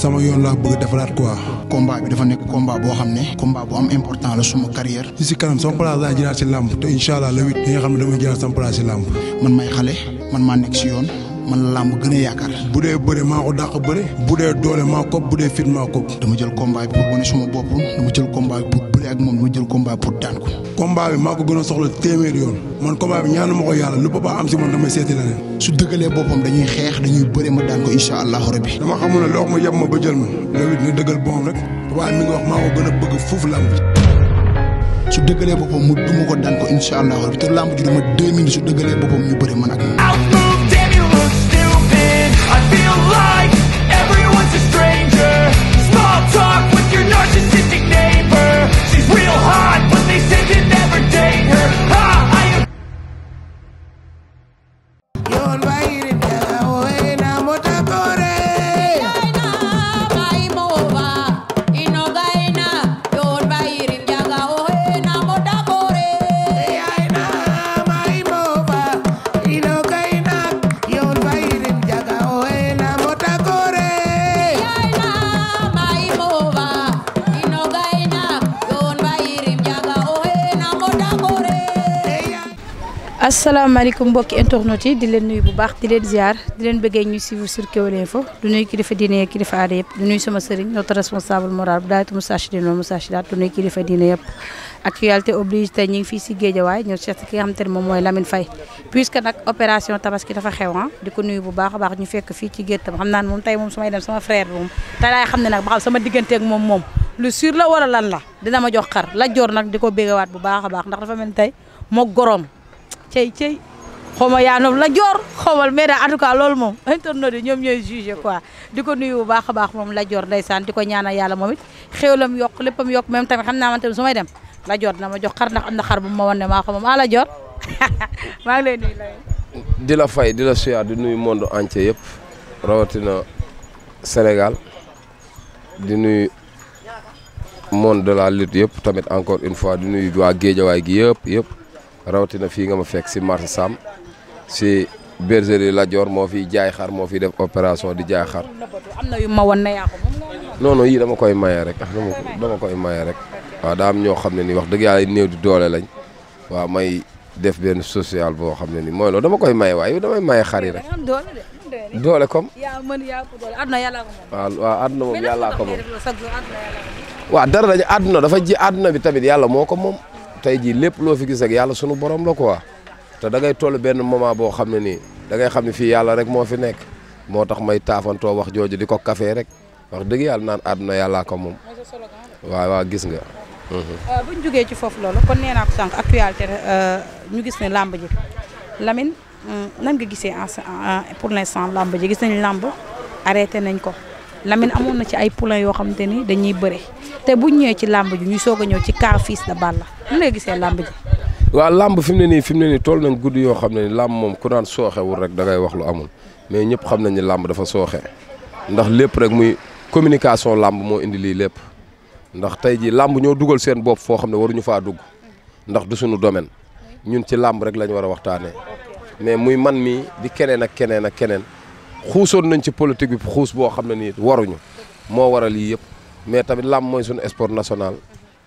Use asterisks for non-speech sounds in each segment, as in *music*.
sama yoon laa bëgg defaraat quoi. combat bi dafa nekk combat boo xam ne. combat bu am important la suma carrière. si si kanam sama place laa jëlaat si làmb te incha allah le huit. nga xam ne damay jëlaat sama place si làmb. man may xale man maa nekk si yoon. man la làmb gën a yaakaar bu dee bëre maa ko dàq bëre bu dee doole maa ko bu dee fit maa ko dama jël combat bi pour wane suma bopp dama jël combat bi pour bëre ak moom dama jël combat pour daan ko combat bi maa ko gën a soxla yoon man combat bi ñaanu ma ko yàlla lu papa am si man damay seeti leneen su dëggalee boppam dañuy xeex dañuy bëre ma daan ko incha allahu rabbi dama xamul ne yem ma ba jël ma loolu dina dëggal boom rek papa mi ngi wax maa ko gën a bëgg su dëggalee boppam mu duma ko daan ko incha allah te lamb ji dama deux minutes su dëggalee boppam ñu bëri man ak asalaamaaleykum mbokki internet yi di leen nuyu bu baax di leen ziar di leen bëggee ñu suivre sur Kewel Info du nuyu kilifa diine yeeg kilifa aada yëpp du nuyu sama sëriñ notre responsable moral bu daayatu Moustarchidine dina Moustarchidaty du nuyu kilifa diine yëpp actualité oblige tey ñu ngi fii si Géejawaay ñu seet ki nga xamante ne moom mooy Lamine Faye puisque nag opération tabaski dafa xew ah di ko nuyu bu baax a baax ñu fekk fii ci géej tam xam naan moom tey moom su may dem sama frère bi moom tey laay xam ne nag ba xam sama digganteeg moom moom lu sûr la wala lan la dina ma jox xar la joor nag di ko béggawaat bu baax a baax ndax dafa mel tey moo goroom cey cey xaw ma yaa noom la joor xawmal mais daal en tout cas loolu moom *laughs* internet ñoom ñooy jugé quoi di ko nuyu bu baax baax moom la joor ndeysaan di ko ñaanal yàlla moom it xéwlam yokk léppam yokk même tamit xam naa man tamit su may dem la joor dina ma jox xar ndax am na xar bu ma wan ne maa a moom ah la joor *laughs* maa ngi nuyu la di la fay di la suyaat di nuyu monde entier yëpp rawatina Sénégal di nuyu monde de la lutte yëpp tamit encore une fois di nuyu waa géejawaay gi yëpp yëpp rawatina fii nga ma fekk si marché Sam si bergerie Lat Dior moo fi jaay xar moo fiy def opération di jaay xar. am na yii dama koy maye rek dama dama koy maye rek. waaw daa ñoo xam ne nii wax dëgg yàlla new di doole lañ waaw may def benn social boo xam ne ni mooy loolu dama koy maye waaye yow damay maye xar yi rek. doole comme. yaa mën moom. waaw waaw àdduna moom yàllaa dara dañu àdduna dafa ji àdduna bi tamit yàlla moo ko moom. tey jii lépp loo fi gis ak yàlla sunu borom la quoi te da ngay toll benn moment boo xam ne nii dangay xam ne fii yàlla rek moo fi nekk moo tax may taafantoo wax jooju di ko kafe rek wax dëgg yàlla naan àdduna yàllaa ko moom waaw waaw gis nga. Mhm. Euh, bu ñu ci foofu loolu kon nee naa ko sànq actualité euh, ñu gis ne làmb ji Lamine euh, nan nga gisee en pour l'instant làmb ji gis nañ làmb arrêté nañ ko. Lamine amoon na ci ay poulain yoo xamante ni dañuy bëre te bu ñëwee ci làmb ji ñu soog a ñëw ci car fils de Balla lan ngay gisee làmb waaw làmb fi mu ne nii fi mu ne nii toll nañ guddi yoo xam ne làmb moom ku naan sooxewul rek da wax lu amul mais ñëpp xam nañ ni làmb dafa sooxe ndax lépp rek muy communication làmb moo indi lii lépp ndax tey jii làmb ñoo dugal seen bopp foo xam ne waruñu faa dugg ndax du suñu domaine ñun ci làmb rek lañ war a waxtaanee mais muy man mi di keneen ak keneen ak keneen. xuusoon nañ ci politique bi xuus boo xam ne nii waruñu moo waral yii yëpp mais tamit làmb mooy suñu esport national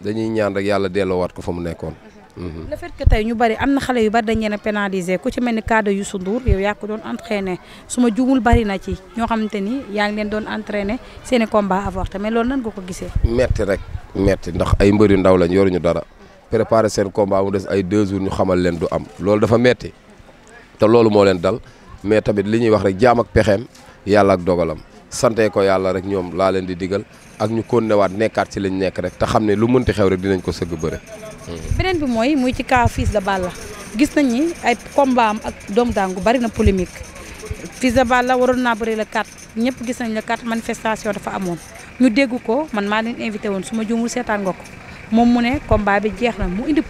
dañuy ñaan rek yàlla delloowaat ko fa mu nekkoon. Mhm. le fait tey ñu bari am na xale yu bari dañ leen a pénaliser ku ci mel ni cas yu Youssou Ndour yow yaa ko doon entraîner su ma juumul bari na ci ñoo xamante ni yaa ngi leen doon entraîner seen i combat avorté mais loolu nan ko gisee. metti rek metti ndax ay mbër yu ndaw lañ yoruñu dara préparer seen combat mu des ay deux jours ñu xamal leen du am loolu dafa metti te loolu moo leen dal. mais tamit li ñuy wax rek jaam ak pexeem yàlla ak dogalam sante ko yàlla rek ñoom laa leen di digal ak ñu konnewaat nekkaat ci lañ nekk rek te xam ne lu mënti xew rek dinañ ko sëgg bëre. beneen bi mooy muy ci cas Fils de la gis nañ ni ay combat ak Doomu Dangu bari na polémique Fils de Balla waroon naa bëri la carte ñëpp gis nañ la carte manifestation dafa amoon ñu dégg ko man maa leen invité woon su ma juumul seetaan nga ko moom mu ne combat bi jeex na mu indi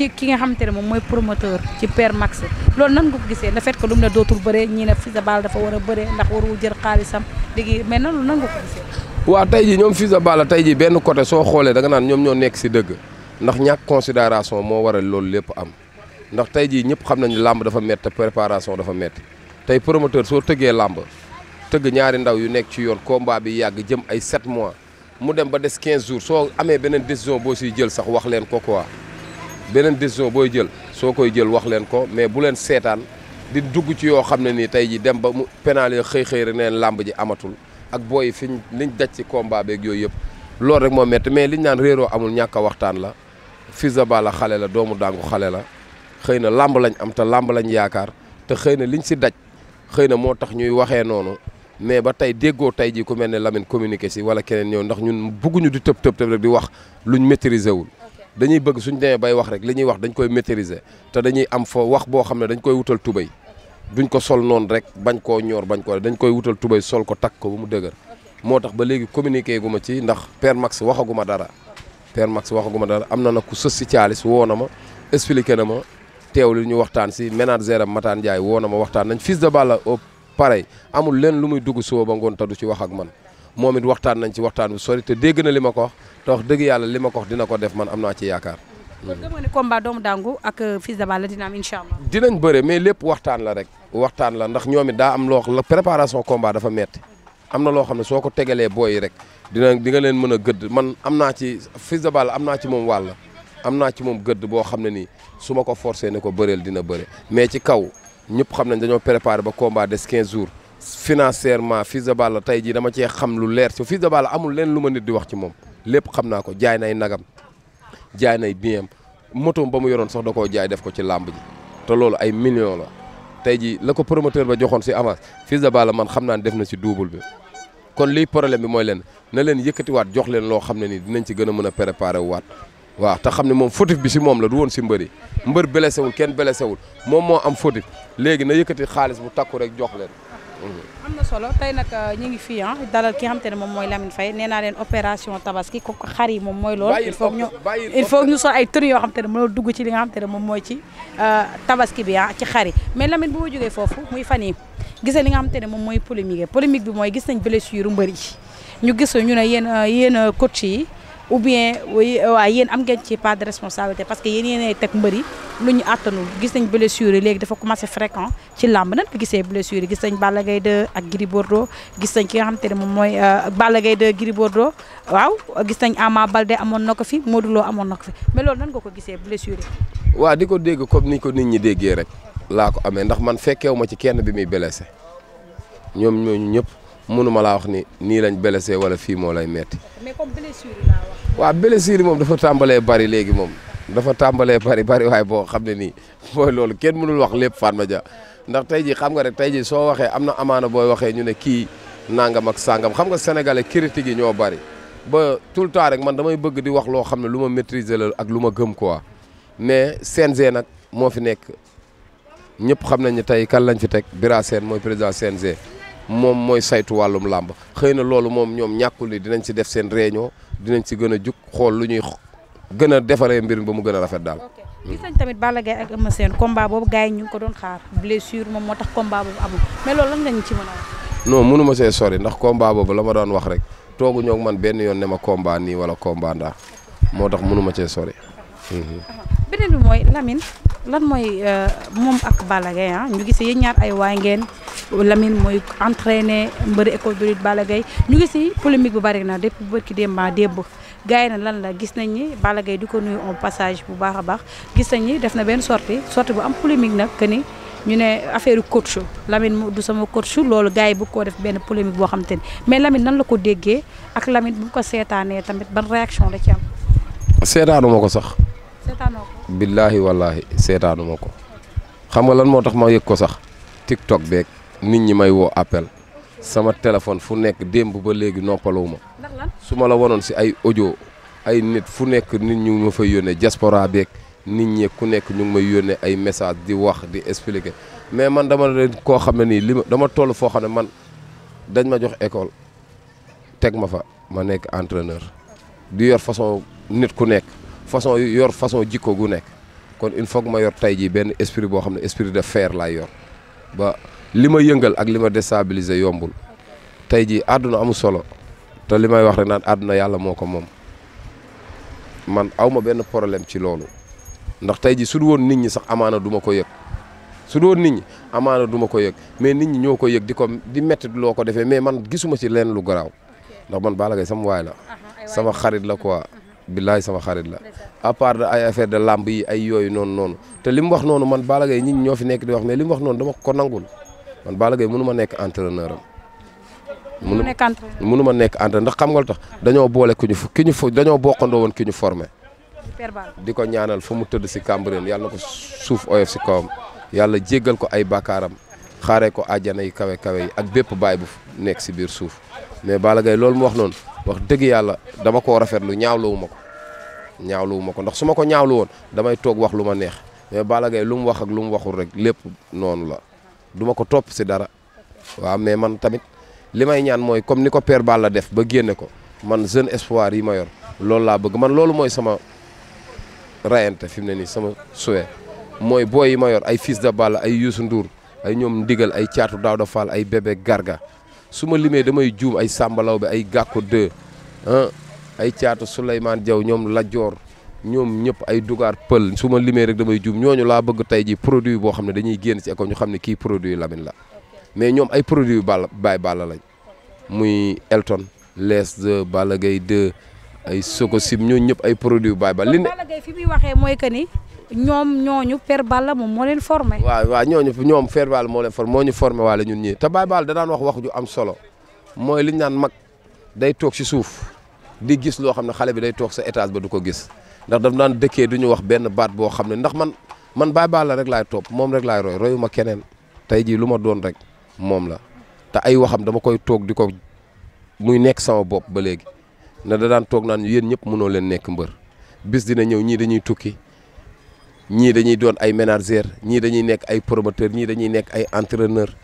ci ki nga xamante ne moom mooy promoteur ci Père Max loolu nan nga ko gisee le fait que lu mu ne dootul bëree ñii ne Fils dafa war a bëree ndax waru jël xaalisam léegi mais nan nan nga ko gisee. waaw tey jii ñoom Fils de Balla tey jii benn côté soo xoolee danga naan ñoom ñoo nekk si dëgg ndax ñàkk considération moo waral loolu lépp am ndax tey jii ñëpp xam nañu làmb dafa métti préparation dafa métti tey promoteur soo tëggee làmb tëgg ñaari ndaw yu nekk ci yoon combat bi yàgg jëm ay 7 mois mu dem ba des 15 jours soo amee beneen boo siy jël sax wax leen ko quoi beneen décision booy jël soo koy jël wax leen ko mais bu leen seetaan di dugg ci yoo xam ne nii tey ji dem ba mu pénal yo xëy xëy rek neen làmb ji amatul ak booy fiñ liñ daj ci combat beeg yooyu yëpp loolu rek moo métti mais liñ naan réeroo amul ñàkk a waxtaan la Fils de Balla xale la doomu dàngu xale la xëy na làmb lañ am te làmb lañ yaakaar te xëy na liñ si daj xëy na moo tax ñuy waxee noonu mais ba tey déggoo tey ji ku mel ne lamin communiqué si wala keneen ñëw ndax ñun bëgguñu di tëb tëb tëb rek di wax luñ maîtriser wul dañuy bëgg suñ demee bay wax rek li ñuy wax dañ koy maîtriser te dañuy am fa wax boo xam ne dañ koy wutal tubéy duñ ko sol noonu rek bañ koo ñoor bañ koo dañ koy wutal tubay sol ko takk ko ba mu dëgër moo tax ba léegi communiqué gu ma ci ndax Père Max waxaguma dara Père Max waxaguma dara am na na ku sës si caalis woo na ma expliqué na ma teew li ñu waxtaan si ménagère am mataan Ndiaye woo na ma waxtaan nañ fils de Balla au pareil amul leen lu muy dugg suba ba ngoon du ci wax ak man moom it waxtaan nañ ci waxtaan bu sori te dégg na li ma ko wax dëgg yàlla li ma ko wax dina ko def man am naa ci yaakaar. kon gëmoo ne ak Fils de Balla dina am incha dinañ bëre mais lépp waxtaan la rek. waxtaan la ndax ñoom it daa am loo la préparation combat dafa metti am na loo xam ne soo ko tegalee booy rek dina di nga leen mën a gëdd man am naa ci Fils de Balla am naa ci moom wàll am naa ci moom gëdd boo xam ne nii su ma ko forcé ne ko bëreel dina bëre mais ci kaw ñëpp xam nañ dañoo préparé ba combat des 15 jours. financièrement Fils de Balla tey jii dama cee xam lu leer ci Fils de Balla amul leen lu ma nit di wax ci moom lépp xam naa ko jaay nay nagam jaay nay biam motoom ba mu yoroon sax da koo jaay def ko ci làmb ji te loolu ay millions la tey jii la ko promoteur ba joxoon si avance Fils de Balla man xam naa ne def na si double bi kon lii problème bi mooy leen na leen yëkkatiwaat jox leen loo xam ne ni dinañ ci gën a mën a préparer waat waaw te xam ne moom fautif bi si moom la du woon si mbër yi mbër kenn blessé wul moom moo am fautif léegi na yëkkati xaalis bu takku rek jox leen am na solo tey nag euh, ñu ngi fii ah dalal ki xam te ne moom mooy Lamine Faye nee naa leen opération tabaski ko xar yi moom mooy loolu il faut ñu il faut ñu sol ay tur yoo xam te ne mënoo dugg ci li nga xam te ne moom mooy ci euh, tabaski bi ah ci xar yi mais Lamine bu ma jógee foofu muy fan yi gisee li nga xam te ne moom mooy polémique polémique bi mooy gis nañ blessure mbër yi ñu gis ñu ne yéen euh, yéen ou bien euh, waa yéen am ngeen ci part de responsabilité parce que yéen yéenay teg mbër yi lu ñu àttanul gis nañ blessure yi léegi dafa commencé fréquent ci làmb nan ko gisee blessure gis nañ Balla Gaye 2 ak gis nañ ki nga xamante ne moom mooy euh, Balla Gaye 2 Gris Bordeaux waaw gis nañ Ama Baldé amoon na ko fi Modou Lo amoon na ko fi mais nan nga ko gisee blessure yi. waaw di ko dégg comme ni ko nit ñi déggee rek laa ko amee ndax man fekkeewu ma ci kenn bi muy blessé ñoom ñooñu ñëpp mënuma laa wax ni nii lañ blessé wala fii moo lay metti waaw bele yi moom dafa tàmbalee bari léegi moom dafa tàmbalee bari bari waaye boo xam ne nii *laughs* mooy loolu kenn mënul wax lépp Fatma Dia ndax tey jii xam nga rek tey ji soo waxee am na amaana booy waxee ñu ne kii nangam ak sangam xam nga sénégalais critique yi ñoo bari ba tout le temps rek man damay bëgg di wax loo xam ne lu ma maîtriser la ak lu ma gëm quoi mais CNG nag moo fi nekk ñëpp xam nañ ne tey kan lañ fi teg Bira Sène mooy président CNG. moom mooy saytu wàllum làmb xëy na loolu moom ñoom ñàkkul ni dinañ ci def seen réunion dinañ si gën a jug xool lu ñuy gën a defaree mbir mi ba mu gën a rafet daal. gis nañ tamit Balla Gaye ak Eumeu Sène boobu gars yi ñu ko doon xaar blessure moom moo tax combat boobu amul mais loolu lañ ci mën a wax. non mënu ma see sori ndax combat boobu la ma doon wax rek toogu ñoo man benn yoon ne ma combat nii wala combat ndax moo tax mënu ma see sori. lan mooy euh, moom ak Balla Gaye ah, ñu gis yéen ñaar ay waay ngeen Lamine mooy entraîné mbëri école de lutte Balla Gaye ñu gis polémique bu bari na depuis bërki démb ba ah, démb gars yi na lan la gis nañ ni Balla di ko nuyu en passage bu baax a baax gis nañ ni def na benn sortie sortie bu am polémique nag que ni ñu ne affaire coach Lamine du sama coach loolu gars yi bu koo def benn polémique boo xam te ni mais lamin nan la ko déggee ak Lamine bu ko seetaanee tamit ban réaction la ci am. seetaanuma ko sax. billaahi wallaahi seetaanuma ko xam nga lan moo tax ma yëg ko sax tiktok beeg nit ñi may woo appel sama téléphone fu nekk démb ba léegi noppalawuma su ma la wanoon si ay audio ay nit fu nekk nit ñu ma fa yónnee diaspora beeg nit ñi ku nekk ñu may yónnee ay message di wax di expliquer mais man dama leen koo xam ne nii li dama toll foo xam ne man dañ ma jox école teg ma fa ma nekk entraîneur di yor façon nit ku nekk façon yor façon jikko gu nekk kon il faut ma yor tey jii benn esprit boo xam ne esprit de fer laay yor ba li ma yëngal ak li ma déstabiliser yombul tey jii àdduna amul solo te li may wax rek naan àdduna yàlla moo ko moom man aw ma benn problème ci loolu ndax tey jii su du woon nit ñi sax amaana duma ko yëg su du woon nit ñi amaana duma ko yëg mais nit ñi ñoo ko yëg di ko di métti loo ko defee mais man gisuma ci leen lu garaw ndax man Balla Gaye sama waay la sama xarit la quoi billaay sama xarit la à de ay affaire de lamb yi ay yooyu noonu noonu te li mu wax noonu man Balla Gaye nit ñi ñoo fi nekk di wax mais li mu wax noonu dama ko nangul man Balla Gaye mënu ma nekk entraîneur am mënu mënu ma nekk entraîneur ndax xam nga lu tax dañoo boole ki ñu ki ñu fo dañoo bokkandoo woon ki ñu formé di ko ñaanal fa mu tëdd si Cambérène yàlla na ko suuf oyof si kawam yàlla jéggal ko ay bakaaram xaaree ko àjjana yi kawe kawe yi ak bépp baay bu nekk si biir suuf mais Balla Gaye loolu mu wax noonu wax dëgg yàlla dama koo rafetlu ñaawluwu ma ko ñaawluwu ma ko ndax su ma ko ñaawlu woon damay toog wax lu ma neex mais Balla Gaye lu mu wax ak lu mu waxul rek lépp noonu la duma ko topp si dara waaw mais man tamit li may ñaan mooy comme ni ko père Balla def ba génne ko man jeune espoir yi ma loolu laa bëgg man loolu mooy sama rayante fi mu ne nii sama souhait mooy booy yi ma ay fils de bala ay yuusu nduur ay ñoom ndigal ay caatu Daouda Fall ay bébé Garga su ma limee damay juum ay sàmbalaw bi ay gàkko deux ah, ay caatu Souleymane Diaw ñoom Lajoor ñoom ñëpp ay dugaar pël su ma limee rek damay juum ñooñu laa bëgg tey ji produit boo xam ne dañuy génn ci école ñu xam ne kii produit Lamine la mais ñoom ay produit yu Balla Baye Balla lañ muy Elton les de Balla Gaye 2 ay Sokosim ñooñu ñëpp ay produit yu Baye Balla li ne Balla fi muy waxee mooy que ni ñoom ñooñu Père Balla moom moo leen formé. waaw waaw ñooñu ñoom Père Balla moo leen formé moo ñu formé waale ñun ñii te Baye Balla da daan wax wax ju am solo mooy li ñu naan mag day toog si suuf di gis loo xam ne xale bi day toog sa étage ba du ko gis ndax daf daan dëkkee du ñu wax benn baat boo xam ne ndax man man Baye Balla rek laay topp moom rek laay roy ma keneen tey jii lu ma doon rek moom la te ay waxam dama koy toog di ko muy nekk sama bopp ba léegi ne da daan toog naan yéen ñëpp mënoo leen nekk mbër bis dina ñëw ñii dañuy tukki. ñii dañuy doon ay manager ñii dañuy nekk ay promoteur ñii dañuy nekk ay entraîneur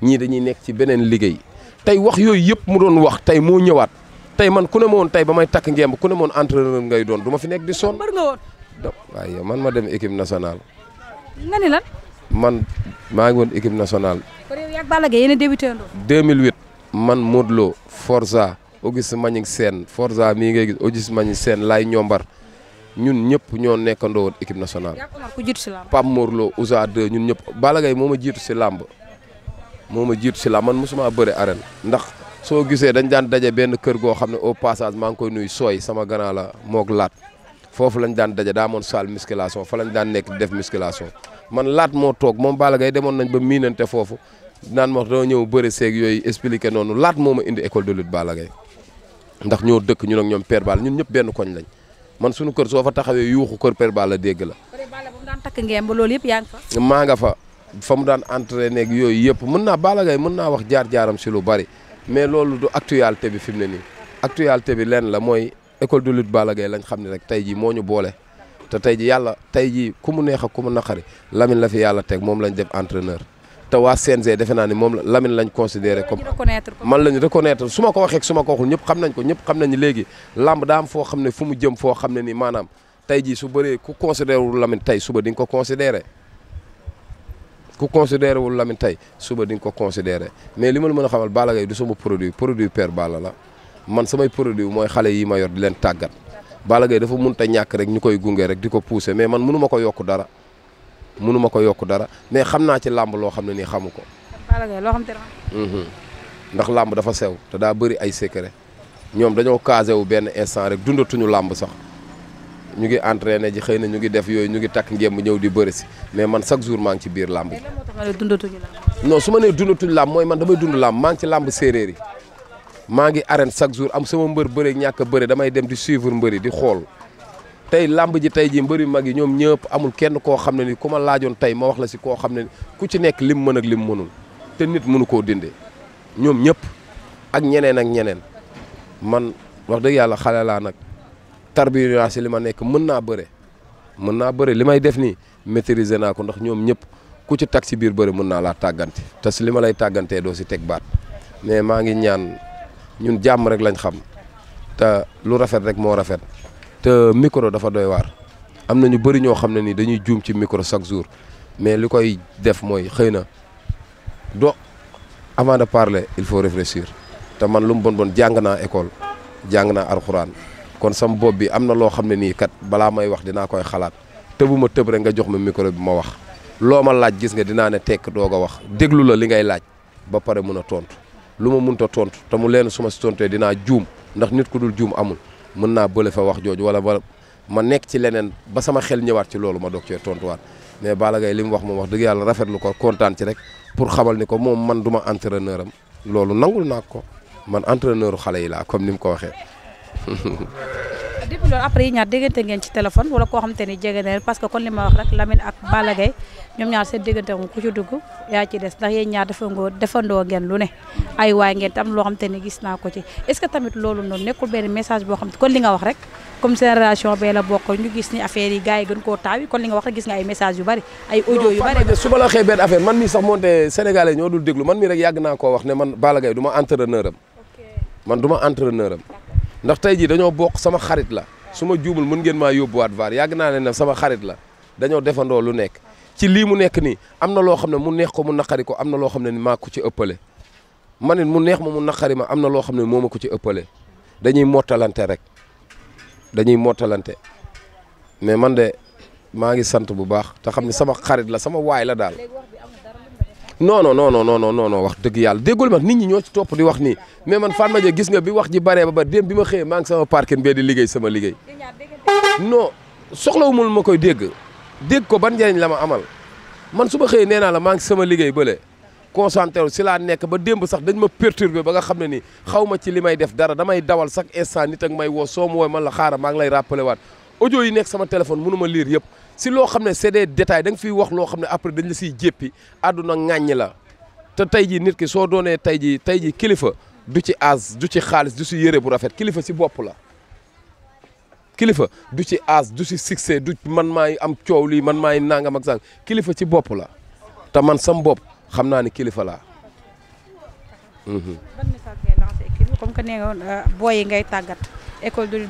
ñii dañuy nekk ci beneen liggéey tey wax yooyu yëpp mu doon wax tey moo ñëwaat tey man ku ne ma tey ba may takk ngemb ku ne ma woon ngay doon du ma fi nekk di soon mbër nga woon. man ma dem équipe nationale. man maa ngi woon équipe nationale. kon yow yaa ngi Balla Gaye yéen a débuté woon. 2008 man Modou forsa Forza Auguste Manick Sène Forza mii ngay gis Auguste Manick Sène Laye Ñombar. ñun ñëpp ñoo nekkandoo woon équipe nationale. Pape Mor Lo Ousa ñun ñëpp Balla Gaye moo ma jiitu si làmb moo ma jiitu si làmb man mosuma bëre arène ndax soo gisee dañ daan daje benn kër goo xam ne au passage ngi koy nuyu sooy sama gannaaw la moog laat foofu lañ daan daje daa moon salle musculation fa lañ daan nekk def musculation man laat moo toog moom Balla Gaye demoon nañ ba miinante foofu naan ma doo ñëw bëre seeg yooyu expliqué noonu laat moo ma indi école de lutte Balla Gaye ndax ñoo dëkk ñun ak ñoom Père ñun ñëpp benn koñ lañ. man suñu kër soo fa taxawee yuuxu kër Père Balla dégg la. Père ngeen ba loolu yëpp yaa ngi fa. maa nga fa fa mu daan entraîné ak yooyu yëpp mën naa Balla Gaye mën naa wax jaar-jaaram si lu bari mais loolu du actualité bi fi mu ne nii. actualité bi lenn la mooy école du lutte Balla lañ xam ni rek tey jii moo ñu boole te tey ji yàlla tey jii ku mu neex ak ku mu naqari Lamine la fi yàlla teg moom lañ def entraîneur. te waa CNG defe naa ni moom Lamine lañ considéré comme man lañ reconnaître su ma ko waxee su ma ko waxul ñëpp xam nañ ko ñëpp xam nañ léegi lamb daam am foo xam ne fu mu jëm foo xam ne ni maanaam tey ji su bëree ku considéré wul Lamine tey suba di nga ko considéré ku considéré wul Lamine tey suba di ko considéré mais li ma la mën a xamal Balla Gaye du sama produit produit père Balla la man samay produit mooy xale yi ma yor di leen tàggat bala Gaye dafa mun a ñàkk rek ñu koy gunge rek di ko pousser mais man mënu ko yokk dara mënu ma ko yokk dara mais xam naa ci làmb loo xam ne nii xamu ko. Mhm. ndax làmb dafa sew te daa bëri ay secret ñoom dañoo casé wu benn instant rek dundatuñu làmb sax ñu ngi entraîné ji xëy na ñu ngi def yooyu ñu ngi takk ngemb ñëw di bëri si mais man chaque jour maa ngi ci biir làmb non su ma nee dundatuñu làmb mooy man damay dund làmb maa ci làmb séeréer yi maa ngi arène chaque jour am sama mbër bëre ñàkk a damay dem di suivre mbëri di xool tey làmb ji tey ji mbëri mag yi ñoom ñëpp amul kenn koo xam ne ni ko ma laajoon tey ma wax la si koo xam ne ku ci nekk lim mën ak lim mënul te nit mënu koo dindee ñoom ñëpp ak ñeneen ak ñeneen man wax dëgg yàlla xale nag tarbiya li ma nekk mën naa bëre mën naa bëre li may def nii maîtriser naa ko ndax ñoom ñëpp ku ci tag si biir bëri mën naa laa tàggante te si li ma lay tàggantee doo si teg baat mais maa ngi ñaan ñun jàmm rek lañ xam te lu rafet rek moo rafet te micro dafa doy waar am na ñu bëri ñoo xam ne nii dañuy juum ci micro chaque jour mais li koy def mooy xëy na do avant de parler il faut réfléchir te man lu mu bon bon jàng naa école jàng naa alxuraan kon sama bopp bi am na loo xam ne nii kat balaa may wax dinaa koy xalaat tëbu ma tëb rek nga jox ma micro bi ma wax loo ma laaj gis nga dinaa ne tekk doog a wax déglu la li ngay laaj ba pare mun a tontu lu ma munta tontu te mu leen su ma si tontee dinaa juum ndax nit ku dul juum amul. mën naa bële fa wax jooju wala wala ma nekk ci leneen ba sama xel ñëwaat ci loolu ma doog cee tontuwaat mais Balla Gaye li mu wax moom wax dëgg yàlla lu ko kontaan ci rek pour xamal ni ko moom man duma ma am loolu nangul naa ko man entraîneur xale yi laa comme ni mu ko waxee. *laughs* depuis loolu après yi ñaar déggante ngeen ci téléphone wala koo xamante ni jege na parce que kon li ma wax rek Lamine ak Balla ñoom ñaar seen déggante moom ku ci des ndax yéen ñaar defandoo defandoo ngeen lu ne ay waay ngeen tam loo xamante ni gis naa ko ci est-ce que tamit loolu noonu nekkul benn message boo xam kon li nga wax rek kon li nga wax rek gis nga ay message yu bari ay audio yu bari su ma la waxee benn affaire man mi sax moonte sénégalais ñoo dul déglu man ne man Balla Gaye ma entraîneur am man du ma entraîneur am ndax tey jii dañoo bokk sama xarit la su ma juumul mën ngeen maa yóbbuwaat vaar yàgg naa leen ne sama xarit la dañoo defandoo lu nekk ci lii mu nekk nii am na loo xam ne mu neex ko mu naqari ko am na loo xam ne ni maa ko ci ëppale man it mu neex ma mu naqari ma am na loo xam ne moo ma ko ci ëppale dañuy mottalante rek dañuy mottalante mais man de maa ngi sant bu baax te xam ne sama xarit la sama waay la daal non non non non non non wax dëgg yàlla déggul ma nit ñi ñoo ci topp di wax nii mais man Fatma Dia gis nga bi wax ji baree ba ba démb bi ma xëyee maa ngi sama parking bee di liggéey sama liggéey non soxlawumul dégg dégg ko ban njëriñ la ma amal man su ma xëyee nee naa la maa ngi sama liggéey bële consenter wu si laa nekk ba démb sax dañ ma perturbé ba nga xam ne nii xaw ma ci li may def dara damay dawal chaque instant nit ak may woo soo ma man la xaaral maa ngi lay rappelé waat audio yi nekk sama téléphone mënu liir lire yëpp si loo xam ne c'est des détails da nga fiy wax loo xam ne après dañ la siy jéppi àdduna ŋàññi la te tey ji nit ki soo doonee tey ji tey ji kilifa du ci aas du ci xaalis du ci yére bu rafet kilifa si bopp la kilifa du ci aas du ci succès du man maay am coow lii man maay nangam ak sang kilifa ci bopp la te man sam bopp xam naa ni kilifa laa. ban que nee euh, ngay tàggat école du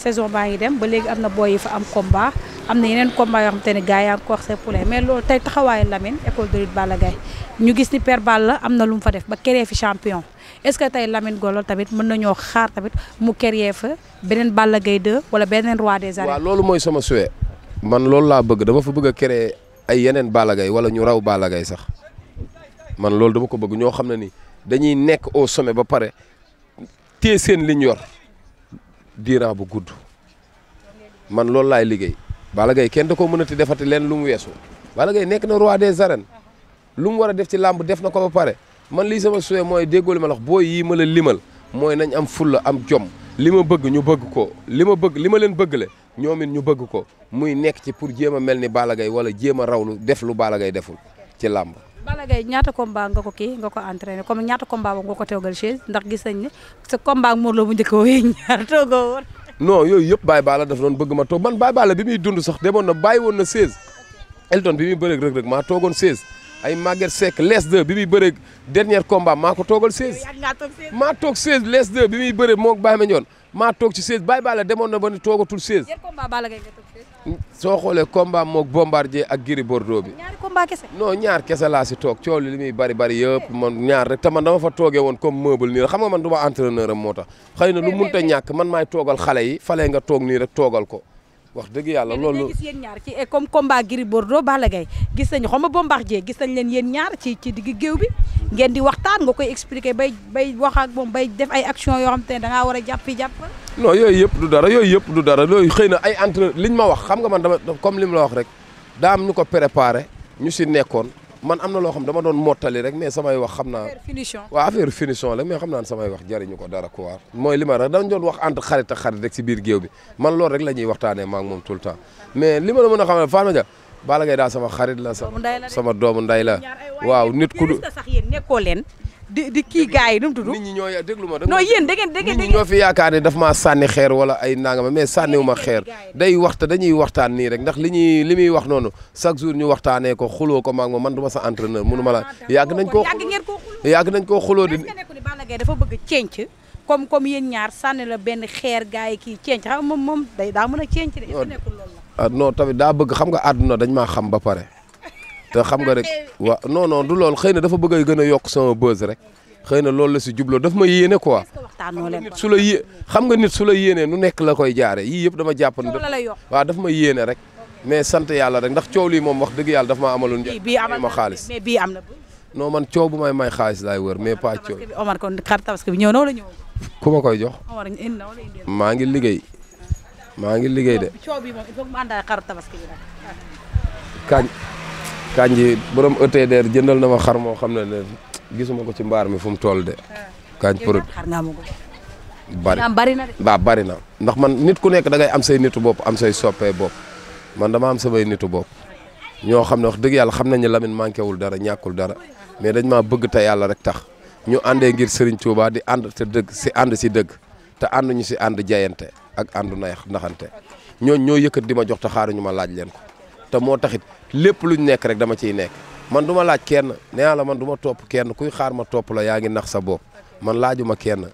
saison baa ngi dem ba léegi am na booy yi fa am combat am na yeneen combat yoo xam te ne gars yaa ngi mais loolu tey taxawaayu Lamine école de lutte Balla Gaye ñu gis ni Père la am na lu mu fa def ba créer fi champion est-ce que tey Lamine Golo tamit mën nañoo xaar tamit mu créer fa beneen Balla Gaye 2 wala beneen roi des arènes. waaw loolu mooy sama souhait man loolu laa bëgg dama fa bëgg a créer ay yeneen Balla Gaye wala ñu raw Balla Gaye sax man loolu dama ko bëgg ñoo xam ne ni dañuy nekk au sommet ba pare téye seen liñ yor. diiraa bu gudd man loolu laay liggéey Balla Gaye kenn da ko mënati defati leen lu mu weesu Balla Gaye nekk na roi des arènes lu mu war a def ci làmb def na ko ba pare man lii sama suwe mooy déggoo li ma wax boo yii ma la limal mooy nañ am fulla am jom li ma bëgg ñu bëgg ko li ma bëgg li ma leen bëgg le ñoom it ñu bëgg ko muy nekk ci pour jéem a mel ni Balla Gaye wala jéem a raw lu def lu Balla Gaye deful ci làmb Balla Gaye ñaata combat nga ko ki nga ko entraîné comme ñaata combat ba nga ko tegal chaise ndax gis nañ ne sa combat ak Modou Lo bu njëkk wooyee ñaar toogoo woon. non yooyu yëpp Baye Balla dafa doon bëgg ma toog man muy dund sax demoon na bàyyi woon na chaise Elton bi muy bëreeg rëg rëg maa toogoon chaise ay Maguette Seck les 2 bi muy bëreeg dernier combat maa ko toogal chaise. maa toog chaise les 2 bi muy bëreeg moo bàyyi ma ñoon maa toog ci chaise Baye Balla demoon na ba ni toogatul chaise. combat soo xoolee combat moog bombardier ak Gris Bordeaux bi. noo ñaar kese laa si toog coow li muy bari bari yëpp man ñaar rek taman man dama fa toogee woon comme meuble nii xam nga man du ma entraîneur am moo tax. xëy na lu munta ñàkk man maay toogal xale yi fale nga toog nii rek toogal ko. wax dëgg yàlla loolu gis yéen ñaar ci eh, comme combat Gris Bordeaux Balla Gaye gis nañu xam nga jee gis nañ leen yéen ñaar ci ci digg géew bi ngeen di waxtaan nga koy expliqué bay bay wax ak bay def ay action yoo xam te ne dangaa war a jàppi jàpp non yooyu yëpp du dara yooyu yëpp du dara yooyu xëy na ay entraîneur liñ ma wax xam ga man dama comme li mu la wax rek daam ñu ko préparé ñu si nekkoon man am na loo xam dama doon mottali rek mais samay wax xam naa. affaire finition waaw affaire finition xam naa samay wax jariñu ko dara quoi. mooy lima ma rek doon wax entre xarit ak xarit rek si biir géew bi man loolu rek la ñuy waxtaanee ma ak moom tout temps mais li ma la mën a xam Fane Dia Balla Gaye daal sama xarit la. sama doomu nday la sama doomu nday la waaw nit ku. sax yéen di di kii gars yi nu mu tudd. nit ñi ñoo déglu ma non yéen ñoo fi yaakaar ne daf maa sànni xeer wala ay nangam mais sànniwu ma xeer day waxta dañuy waxtaan nii rek ndax li ñuy li muy wax noonu chaque jour ñu waxtaanee ko xuloo ko maag ma man du ma sa entraîneur mënu ma la ah, yàgg nañ ko yàgg nañ koo xuloo di Balla dafa bëgg cenc comme comme yéen ñaar sànni la benn xeer gars yi kii cenc xam moom moom day daa mën a cenc de nekkul ah, tamit daa bëgg xam nga àdduna dañ maa xam ba pare te xam nga rek waa non non du loolu xëy na dafa bëgg a gën a yokk sama buzz rek xëy na loolu la si jubloo daf ma yéene quoi nit su la yé xam nga nit su la yéenee nu nekk la koy jaare yii yëpp dama jàpp ne waaw daf ma yéene rek mais sant yàlla rek ndax coow lii moom wax dëgg yàlla daf ma amaloon njëriñ ma xaalis non man coow bu may may xaalis laay wër mais pas coow Omar kon xar tabaski bi ñëw na wala ñëw koy jox maa ngi liggéey maa ngi liggéey de coow bi kanji borom ETDR jëndal na ma xar moo xam ne ne gisuma ko ci mbaar mi fu mu toll de. Ah. kanji produit bari bari na bari na ndax man nit ku nekk da ngay am say nitu bopp am say soppee boob man dama am samay nitu boob ñoo xam ne wax dëgg yàlla xam nañ ne Lamine manqué wul dara ñàkkul dara mais dañ maa bëgg te yàlla rek tax ñu àndee ngir Serigne Touba di ànd te dëgg si ànd si dëgg te ànd ñu si ànd jayante ak àndu nay naxante ñooñ ñoo yëkkat di ma jox te xaaruñu ma laaj leen ko te moo taxit lépp luñ nekk rek dama ciy nekk man duma laaj kenn nee la man du ma topp kenn kuy xaar ma topp la yaa ngi nax sa bopp man laajuma kenn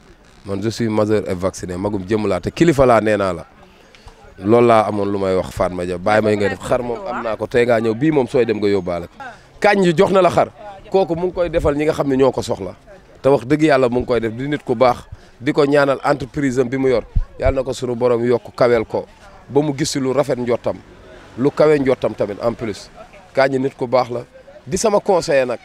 man je suis majeur et vacciné magum jëm laa te kilifa laa nee naa la loolu laa amoon lu may wax Fatma Dia bàyyi may nga def xar moom am naa ko te ngaa ñëw bii moom sooy dem nga yóbbaale ko kañ ji jox na la xar kooku mu ngi koy defal ñi nga xam ne ñoo ko soxla te wax dëgg yàlla mu ngi koy def di nit ku baax di ko ñaanal entreprise am bi mu yor yàlla na ko sunu borom yokk kawel ko ba mu gis lu rafet njottam lu kawe njottam tamit en plus Kandji nit ku baax la di sama conseiller nag.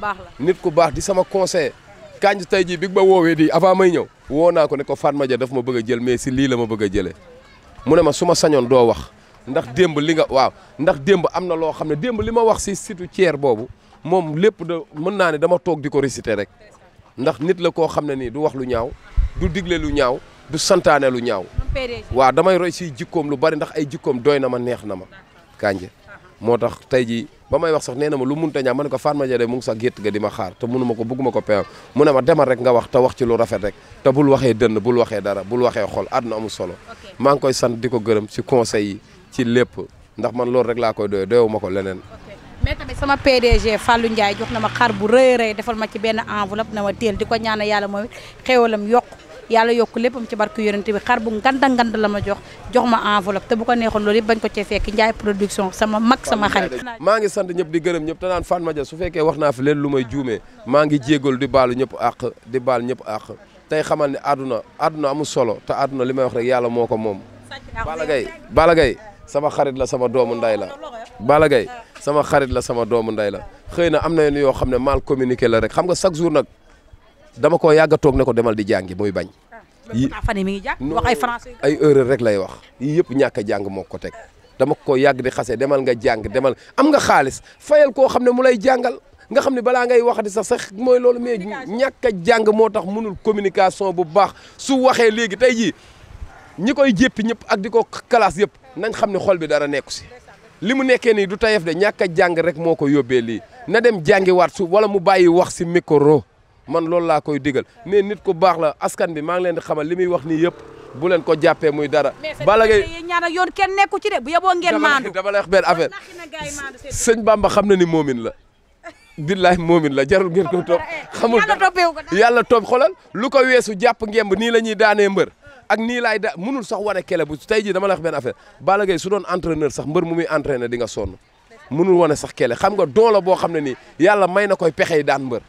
baax la nit ku baax di sama conseiller. Kandji tey jii bi ba woowee di avant may ñëw woo naa ko ne ko ma Dia daf ma bëgga jël mais si lii la ma bëgg a jëlee mu ne ma suma sañoon doo wax ndax démb li nga waaw ndax démb am na loo xam ne démb li ma wax si situ Thier boobu moom lépp da mën naa ne dama toog di ko réciter rek ndax nit la koo xam ne nii du wax lu ñaaw du digle lu ñaaw. du santaane lu ñaaw waaw damay roy si jikkoom lu bari ndax ay jikkoom doy na ma neex na ma kànje moo tax tey jii ba may wax sax nee na ma lu munta ñaaw ma ne ko Fatma Dia de mu ngi sax gétt ga di ma xaar te mënu ma ko bëgguma ko peew mu ma demal rek nga wax te wax ci lu rafet te bul waxee dënn bul waxee dara bul waxee xol àdduna amul solo maa ngi koy sant di ko gërëm si conseil yi ci lépp ndax man loolu rek laa koy doyee doyewu ma ko leneen mais tamit sama PDG Fallou Ndiaye jox na ma xaar bu rëy rëy defal ma ci benn enveloppe na ma teel di ko ñaanal yàlla mooy xéewalam yokk yàlla yokk lépp léppam ci barke yonent bi xar bu nganda ngand la ma jox jox ma enveloppe te bu ko neexoon loolu yëpp bañ ko cee fekk Ndiaye production sama mag sama xarit maa ngi sant ñëpp di gërëm ñëpp te naan Fatma Dia su fekkee wax naa fi leen lu may juumee maa ngi jéegal di baalu ñëpp àq di baal ñëpp àq tey xamal ne àdduna àdduna amul solo te àdduna li may wax rek yàlla moo ko moom Balla gay Balla sama xarit la sama doomu nday la Balla Gaye sama xarit la sama doomu nday la xëy na am na yoo xam ne mal communiqué la rek xam nga chaque jour nag dama ko yàgg ne ko demal di jàngi muy bañ. Ah, yii wax ay français. ay erreur rek lay wax yii yëpp ñàkk a jàng moo ko teg dama ko yàgg di xase demal nga jàng demal am nga xaalis fayal koo xam ne mu lay jàngal. nga xam ne balaa ngay wax di sax sax mooy loolu mais ñàkk a jàng moo tax mënul communication bu baax su waxee léegi tey jii ñi koy jéppi ñëpp ak di ko kalaas yëpp nañ xam ne xol bi dara nekku si li mu nekkee nii du tayef de ñàkk a jàng rek moo ko yóbbee lii na dem jàngiwaat su wala mu bàyyi wax si micro man loolu laa koy digal mais nit ku baax la askan bi maa ngi leen di xamal li muy wax nii yëpp bu leen ko jàppee muy dara. bala ngay mais ñaan ak yoon kenn nekku ci de bu yeboo ngeen maandu dama lay wax benn affaire sëñ Bamba xam na ni moomin la. billahi moomin la jarul ngeen ko topp xamul yàlla topp xoolal lu ko weesu jàpp ngemb nii la ñuy daanee mbër ak nii laay da mënul sax wane kele bu tey jii dama la wax benn affaire su doon entraîneur sax mbër mu muy entraîner di nga sonn mënul wane sax kele xam nga doole boo xam ne nii yàlla may na koy pexey daan mbër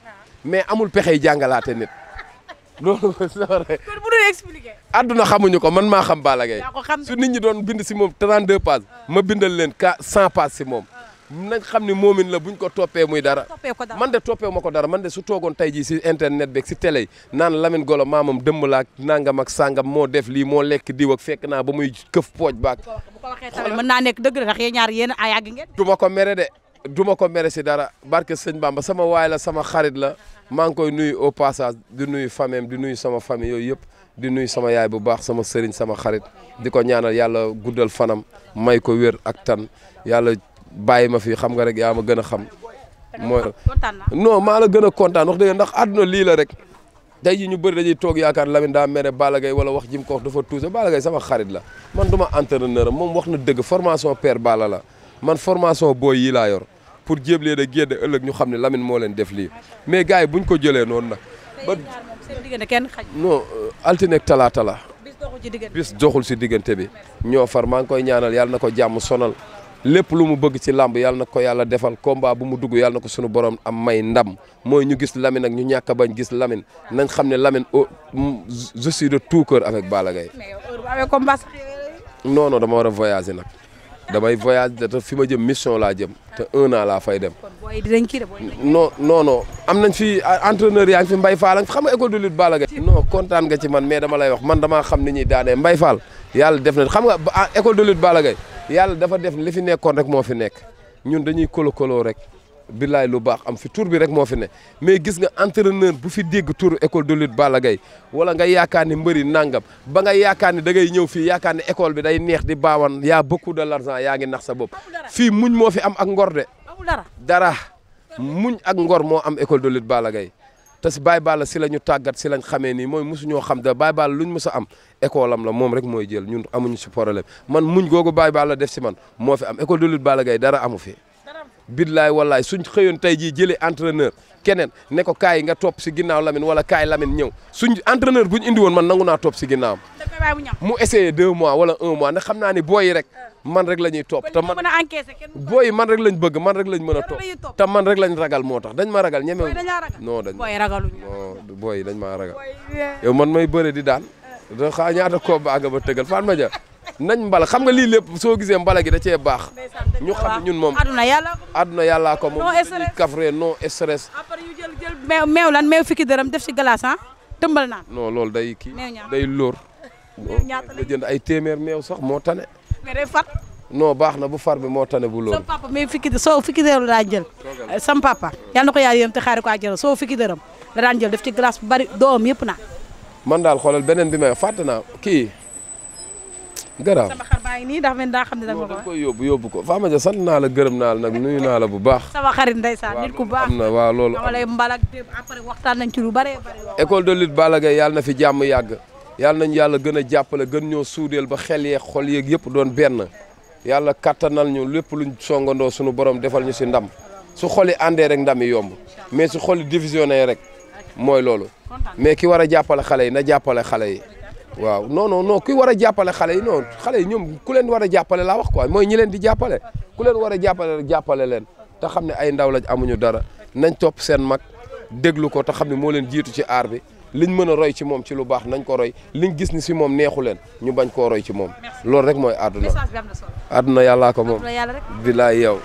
mais amul pexey jàngalaate nit loolu c'est vrai kon bu doon expliquer xamuñu ko man maa xam Balla Gaye su nit ñi doon bind si moom 32 pages ah. ma bindal leen ka 100 pages si moom ah. na xam ni moomin la buñ ko toppee muy dara man de toppee ma ko dara man de su toogoon tey ji si internet beeg si télé yi naan Lamine Golo maamam dëmm laak nangam ak sangam moo def lii moo lekk diw ak fekk naa ba muy këf pooj baak bu ko naa nekk dëgg la ndax ñaar yéen a yàgg ngeen du ko mere de duma ko mere si dara barke sëñ Bamba sama waay la sama xarit la maa ngi koy nuyu au passage di nuyu famem di nuyu sama famille yooyu yëpp di nuyu sama yaay bu baax sama sëriñ sama xarit di ko ñaanal yàlla guddal fanam may ko wér ak tan yàlla bàyyi ma fi xam nga rek yaa ma gën a xam mooy non maa la gën a kontaan wax dëgg ndax àdduna lii la rek tey jii ñu bëri dañuy toog yaakaar Lamine daa mere Balla Gaye wala wax jim ko dafa tuuse Balla Gaye sama xarit la man du ma entraîneur moom wax na dëgg formation père Balla la man formation booy yi laa yor pour jéem leen a génne ëllëg ñu xam ne Lamine moo leen def lii mais gars yi buñ ko jëlee noonu nag. ba non euh, altine ak talaata la. bis joxul si diggante bi. ñoo far maa ngi koy ñaanal yàlla na ko jàmm sonal lépp lu mu bëgg si làmb yàlla na ko yàlla defal combat bu mu dugg yàlla na ko sunu borom am may ndam mooy ñu gis lamin ak ñu ñàkk a bañ gis lamin nañ xam ne Lamine oh, mm, je suis de tout cœur avec Balla Gaye. Euh, dama war a voyager nag. damay voyage da te fi ma jëm mission laa jëm te un an laa fay dem. non non non am nañ fi entraîneur yaa ngi fi Mbaye Fall xam nga école de lutte Balla Gaye non kontaan ga ci man mais dama lay wax man damaa xam ni ñuy daanee Mbaye Fall yàlla def na xam nga école de lutte Balla Gaye yàlla dafa def li fi nekkoon rek moo fi nekk ñun dañuy kolo kolo rek billaay lu baax am fi tur bi rek moo fi ne mais gis nga entraîneur bu fi dégg turu école de lutte Balla Gaye nga yaakaar ni mbëri nangam ba nga yaakaar ni da ñëw fii yaakaar ni école bi day neex di baawan yaa beaucoup de l'argent yaa ngi nax sa bopp fii muñ moo fi am ak ngor de dara muñ ak ngor moo am école de lutte Balla Gaye te si Baye Balla si la ñu tàggat si lañ xamee nii mooy mosu ñoo xam da Baye Balla luñ mos a am école am la moom rek mooy jël ñun amuñu si problème man muñ googu Baye Balla def si man moo fi am école de lutte dara amu fi billaay wallaay suñ xëyoon tey jii jëlee entraîneur keneen ne ko kaay nga topp si ginnaaw Lamine wala kaay Lamine ñëw suñ entraîneur bu ñu indi woon man nangu naa topp si ginnaawam. mu essayé deux mois wala un mois ndax xam naa ni booy yi rek ah. man rek la ñuy topp. te man booy yi man rek lañ bëgg man rek lañ mën a topp. te man rek lañ ragal moo tax dañ ma ragal ñeme. non dañ booy ragaluñu non booy yi dañ maa ragal. Eh. yow man may bëre di daan. da xaa ñaata koob ba àgg ba tëgal Fatma Dia nañ mbala xam nga lii lépp soo gisee mbala gi da cee baax ñu xam ñun moom àdduna yàllaa ko moom kafre non stress après ñu jël jël meew meew lan meew fukki dërëm def si glace ah tëmbal naan non loolu day kii day lóor nga jënd ay téeméer meew sax moo tane mais day baax na bu far bi moo tane bu loolu sama papa mais fukki soo fukki dërëm la daan jël sama papa yal ko yàlla yëm te xaari ko àjjana soo fukki dërëm la daan def ci glace bu bari doom yëpp naa man daal xoolal beneen bi may fàtte naa kii garaaw sama xar daa xam ne da nga koy yóbbu yóbbu ko Fama Dia sant naa la gërëm naa la nag nuyu naa la bu baax sama xarit ndeysaan nit ku baax am loolu am lay mbalak démb nañ ci lu bare école de lutte Balla yàlla na fi jàmm yàgg yàlla nañ yàlla gën a jàppale gën ñoo suudeel ba xel yeeg xol yeeg yëpp doon benn yàlla kattanal ñu lépp luñ songandoo sunu borom defal ñu si ndam su xoli àndee rek ndam yomb mais su xoli divisionné rek mooy loolu mais ki war a jàppale xale yi na jàppale xale yi waaw non non non kuy war a jàppale xale yi non xale yi ñoom ku leen war a jàppale laa wax quoi mooy ñi leen di jàppale ku leen war a jàppale jàppale leen te xam ne ay ndaw lañ amuñu dara nañ topp seen mag déglu ko ta xam ne moo leen jiitu ci aar bi liñ mën a roy ci moom ci lu baax nañ ko roy liñ gis ni si moom neexu leen ñu bañ koo roy ci moom loolu rek mooy àdduna àdduna yàllaa ko moom bilaay yow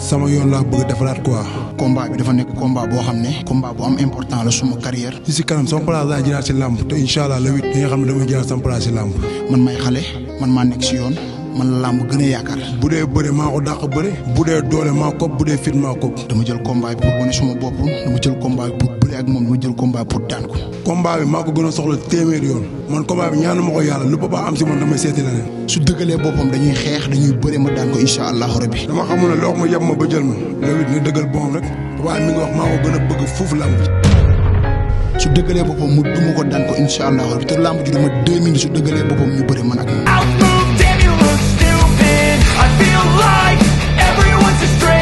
sama yoon laa bëgg defaraat quoi. combat bi dafa nekk combat boo xam ne. combat bu am important la suma carrière. si si kanam sama place laa jëlaat si làmb te incha allah le huit. nga xam ne damay jëlaat sama place si làmb. man may xale man maa nekk si yoon. man la làmb gën a yaakaar bu dee bëre maa ko dàq bëre bu dee doole maa ko bu dee fit maa ko dama jël combat bi pour wane suma bopp dama jël combat bi pour moom dama jël combat pour daan ko combat bi maa ko gën a soxla téeméer yoon man combat bi ñaanu ma ko yàlla lu papa am si man dama seeti leneen su dëggalee boppam dañuy xeex dañuy bëre ma daan ko incha allahu rabbi dama xamul ne loo yem ma ba jël ma loolu dina dëggal boom rek papa mi ngi wax maa ko su dëggalee boppam mu duma ko daan ko incha allah te lamb ji dama deux minutes su dëggalee boppam ñu bëri man ak feel like everyone's a stranger